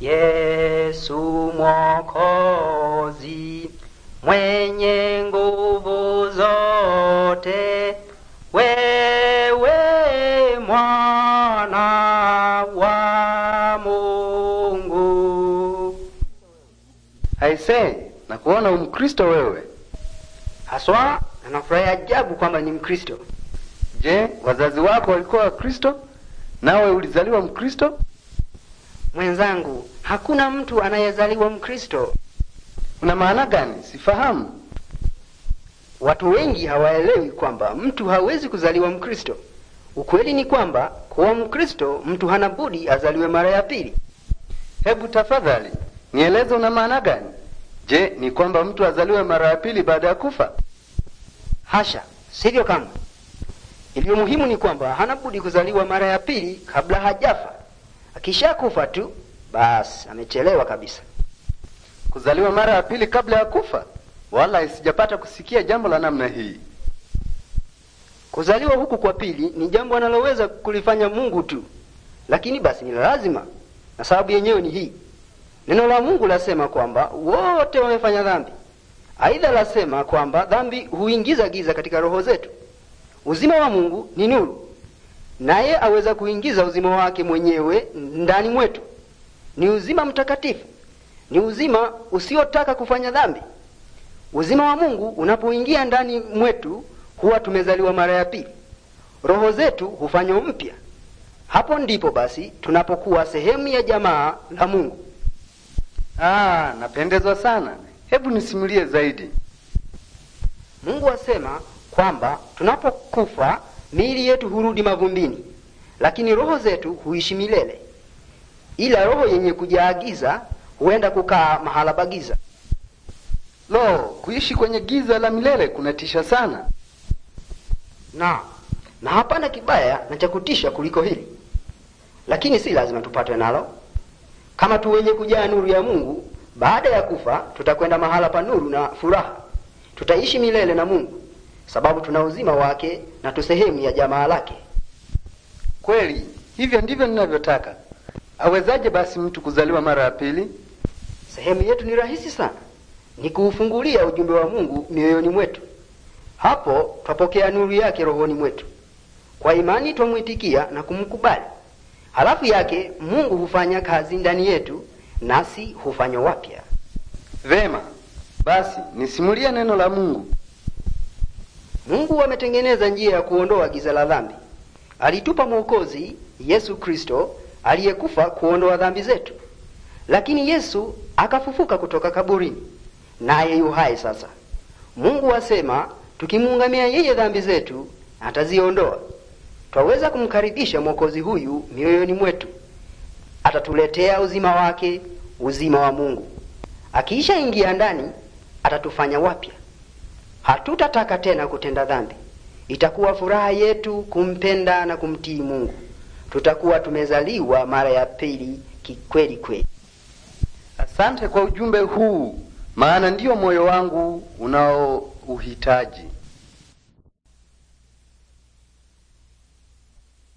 Yesu Mwokozi mwenye nguvu zote, wewe mwana wa Mungu. Aise, na kuona umkristo wewe haswa, anafurahi ajabu kwamba ni Mkristo. Je, wazazi wako walikuwa Wakristo nawe ulizaliwa Mkristo? Mwenzangu, hakuna mtu anayezaliwa Mkristo. Una maana gani? Sifahamu. Watu wengi hawaelewi kwamba mtu hawezi kuzaliwa Mkristo. Ukweli ni kwamba kuwa Mkristo mtu hana budi azaliwe mara ya pili. Hebu tafadhali nieleze una maana gani? Je, ni kwamba mtu azaliwe mara ya pili baada ya kufa? Hasha, sivyo kamwe. Iliyo muhimu ni kwamba hana budi kuzaliwa mara ya pili kabla hajafa. Akishakufa tu basi amechelewa kabisa. Kuzaliwa mara ya pili kabla ya kufa? Wala sijapata kusikia jambo la namna hii. Kuzaliwa huku kwa pili ni jambo analoweza kulifanya Mungu tu, lakini basi ni lazima, na sababu yenyewe ni hii: neno la Mungu lasema kwamba wote wamefanya dhambi. Aidha lasema kwamba dhambi huingiza giza katika roho zetu. Uzima wa Mungu ni nuru naye aweza kuingiza uzima wake mwenyewe ndani mwetu. Ni uzima mtakatifu, ni uzima usiotaka kufanya dhambi. Uzima wa Mungu unapoingia ndani mwetu, huwa tumezaliwa mara ya pili, roho zetu hufanywa mpya. Hapo ndipo basi tunapokuwa sehemu ya jamaa la Mungu. Ah, napendezwa sana. Hebu nisimulie zaidi. Mungu asema kwamba tunapokufa Miili yetu hurudi mavumbini, lakini roho zetu huishi milele. Ila roho yenye kujaa giza huenda kukaa mahala pa giza. Lo, kuishi kwenye giza la milele kunatisha sana. na na hapana kibaya na cha kutisha kuliko hili, lakini si lazima tupatwe nalo. Kama tu wenye kujaa nuru ya Mungu, baada ya kufa tutakwenda mahala pa nuru na furaha, tutaishi milele na Mungu sababu tuna uzima wake na tu sehemu ya jamaa lake. Kweli hivyo ndivyo ninavyotaka. Awezaje basi mtu kuzaliwa mara ya pili? Sehemu yetu ni rahisi sana, ni kuufungulia ujumbe wa Mungu mioyoni mwetu. Hapo twapokea nuru yake rohoni mwetu. Kwa imani twamwitikia na kumkubali, halafu yake Mungu hufanya kazi ndani yetu, nasi hufanywa wapya. Vema basi, nisimulie neno la Mungu. Mungu ametengeneza njia ya kuondoa giza la dhambi. Alitupa Mwokozi Yesu Kristo aliyekufa kuondoa dhambi zetu, lakini Yesu akafufuka kutoka kaburini, naye yu hai sasa. Mungu asema tukimuungamia yeye dhambi zetu ataziondoa. Twaweza kumkaribisha Mwokozi huyu mioyoni mwetu, atatuletea uzima wake, uzima wa Mungu. Akiisha ingia ndani, atatufanya wapya hatutataka tena kutenda dhambi. Itakuwa furaha yetu kumpenda na kumtii Mungu. Tutakuwa tumezaliwa mara ya pili kikweli kweli. Asante kwa ujumbe huu, maana ndiyo moyo wangu unaouhitaji.